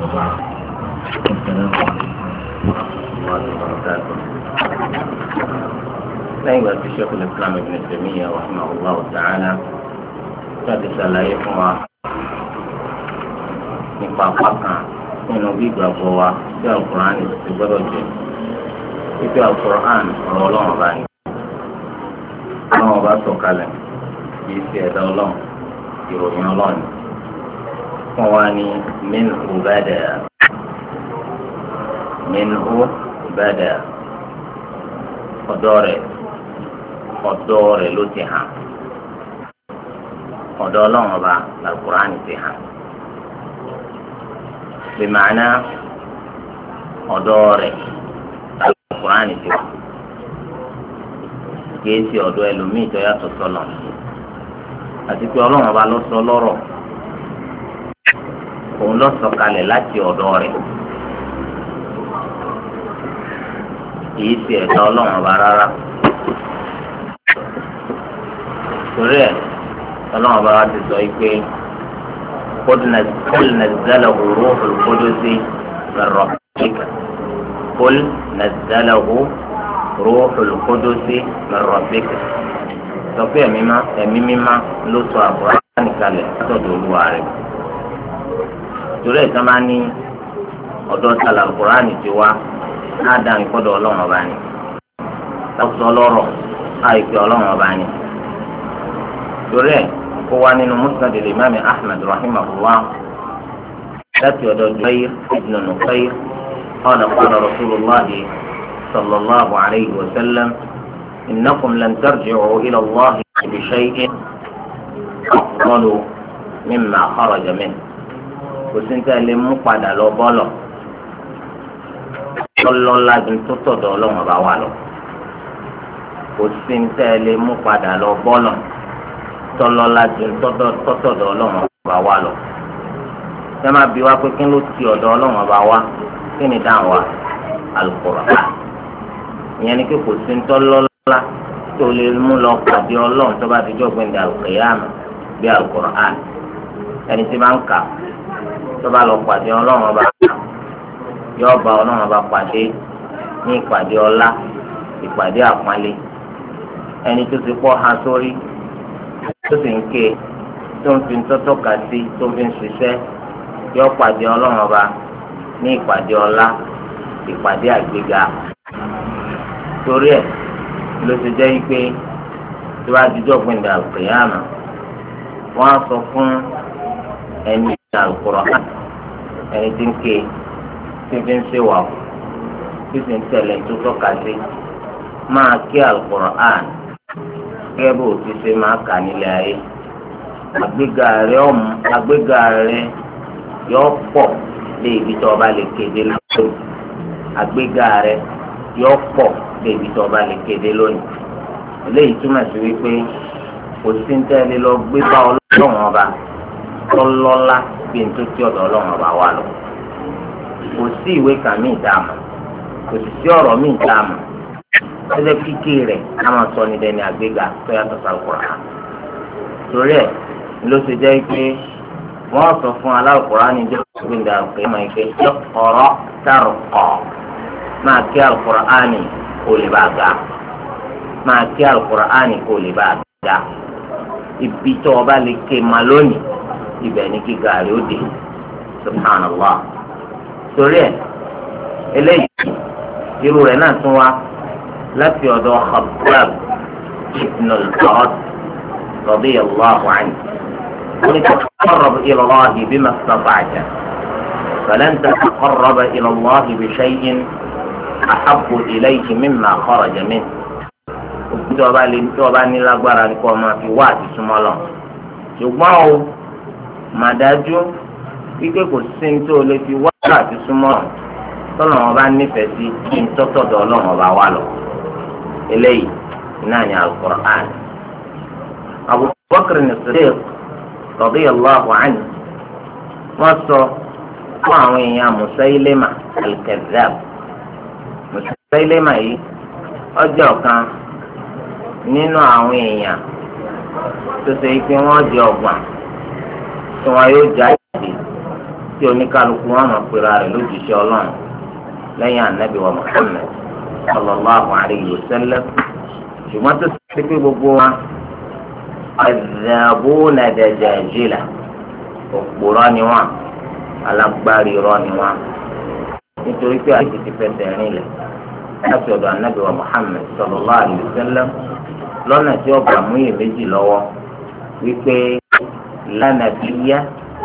السلام عليكم ورحمة الله وبركاته lẹ́yìn ìgbà tí sheikh islam ibn tèmíyà rahma allah ta'ala ṣáàtì ṣàlàyé fún wa nípa pákan nínú gbígbàgbọ́ wa tí alukur'an ti gbọ́dọ̀ jẹ́ títí alukur'an ọ̀rọ̀ ọlọ́run bá ní. ọlọ́run bá sọ̀kalẹ̀ kì í ṣe ẹ̀dá ọlọ́run ìròyìn ọlọ́run fún wa ní minhu bada minhu bada ọ̀dọ̀ rẹ̀ ọ̀dọ̀ rẹ̀ ló ti hàn ọ̀dọ̀ ọlọ́run ọba làkùránì ti hàn bìmọ̀nà ọ̀dọ̀ rẹ̀ làkùránì ti wà kìí ṣe ẹlòmíì tó yàtọ̀ sọ́lọ̀ àti pé ọlọ́run ọba ló sọ lọ́rọ̀ òun lọ sọ̀kalẹ̀ láti ọ̀dọ̀ rẹ̀ kìí ṣe ẹ̀dá ọlọ́run ọba rárá torí ẹ̀ ọlọ́run ọba wa ti sọ yìí pé kóòlù nàìjíríà òru olùkódó sí lọ́rọ̀ kíkà kóòlù nàìjíríà òru olùkódó sí lọ́rọ̀ kíkà sọ pé ẹ̀mí mímá ló sọ àbúrò ànìkalẹ̀ látọ̀dọ̀ olúwa rẹ̀ torí ẹ̀ka máa ní ọ̀dọ́ sàlà kùránì ti wá ádá ìkọ́dọ̀ ọlọ́run ọba ni lọ́sọ̀ ọlọ́rọ̀ àìpé ọlọ́run ọba ni torí ẹ̀ kó wá nínú musnad al-imam ahmed rahimahullah láti ọ̀dọ̀ jubair ibn nufair قال قال رسول الله صلى الله عليه وسلم إنكم لن ترجعوا إلى الله بشيء أفضل مما خرج منه kò sí ní tẹ́lẹ̀ mú padà lọ bọ́ọ̀lọ̀ lọ́lọ́lá ju tó tọ̀dọ̀ ọlọ́run bá wà lọ kò sí ní tẹ́lẹ̀ mú padà lọ bọ́ọ̀lọ̀ tọ́lọ́lá ju tó tọ̀dọ̀ ọlọ́run bá wà lọ ṣé máa bí wá pé kí ló ti ọ̀dọ̀ ọlọ́run bá wá kí ni dáhùn wa alukóra ìyẹn ni pé kò sí ní tọ́lọ́lá tó lè mú lọ pàdé ọlọ́run tó bá ti jọ́ gbẹ̀ndẹ̀ àlùkìyàmù bí alukóra ẹni tí máa ń kà á tọ́ba lọ pàdé ọlọ́run ọba yóò bá ọlọ́run ọba pàdé ní ìpàdé ọlá ìpàdé àpọ́nlé ẹni tó ti pọ́ ha sórí tó sì ń ké tó ń fi tọ́tọ́ kà sí tó fi ń ṣiṣẹ́ yóò pàdé ọlọ́run ọba ní ìpàdé ọlá ìpàdé àgbéga torí ẹ̀ ló ti jẹ́ pé tí wàá jíjọ́ gbìndà àlùkìyàmà wọ́n á sọ fún ẹni àlùkùrọ̀ hàn. ẹni tí ń ké tí fi ń ṣèwà o tí sì ń tẹ̀lé tó tọ́ka sí máa kí alukur'an gẹ́gẹ́ bó ti ṣe máa kà nílẹ̀ ayé àgbéga rẹ̀ ọ̀mù àgbéga rẹ̀ yọ pọ̀ lé ibi tó ọba lè kéde lónìí àgbéga yọ pọ̀ lé ibi ọba lè ọba tọ́lọ́lá. gbé ní tó tí ọ̀dọ̀ ọlọ́run ọba wa lọ kò sí ìwé kan mí ìdáàmú kò sì sí ọ̀rọ̀ mí ìdáàmú ẹsẹ̀ kíkì rẹ̀ a máa sọ ní dẹni àgbéga tó yàtọ̀ sàlùkùrà torí ẹ̀ ló ṣe jẹ́ pé wọ́n sọ fún aláàkùrá ní ìjọ gbẹ̀ndà òkè máa ike ọ̀rọ̀ tàrùkọ̀ máa kí àlùkùrá ánì kò lè bá ga máa kí àlùkùrá ánì kò lè bá ga ibi tó lè ké ma lónìí ibẹ̀ ní kí gàrí ó dé subhanallah torí ẹ̀ eléyìí irú rẹ̀ náà tún wá láti ọ̀dọ̀ Khabbab ibn al-Arat radiyallahu anhu قل تقرب إلى الله بما استطعت فلن تتقرب إلى الله بشيء أحب إليه مما خرج منه tí ọba ní lágbára ni kò máa fi wá àti súnmọ́ lọ ṣùgbọ́n o màdájú wípé kò sí ní tó lè fi wá àti súnmọ́ tọ́nà wọn bá nífẹ̀ẹ́ sí kí n tọ́tọ̀dọ̀ ọlọ́run ọba wà lọ. eléyìí náà ní alukur'an. Abu Bakr as-Siddiq radiyallahu anhu wọ́n sọ fún àwọn èèyàn al-Kadhdhab. yìí ọjọ́ kan nínú àwọn èèyàn tó ṣe pé wọ́n di tí wọn yóò jáde tí oníkálukú wọn máa pera rẹ̀ lójúṣe Ọlọ́run lẹ́yìn anabi wa Muhammad sallallahu alayhi wa sallam ṣùgbọ́n tó ti pé gbogbo wa ẹdàbó nàdàjàjìlá òpòrọ ni wọn alágbárí rọ ni wọn nítorí pé àti ti fẹsẹ̀ rìn lẹ̀ láti ọ̀dọ̀ anabi wa Muhammad sallallahu alayhi wa sallam lọ́nà tí ọba mú iyèméjì lọ́wọ́ wípé. لا نبي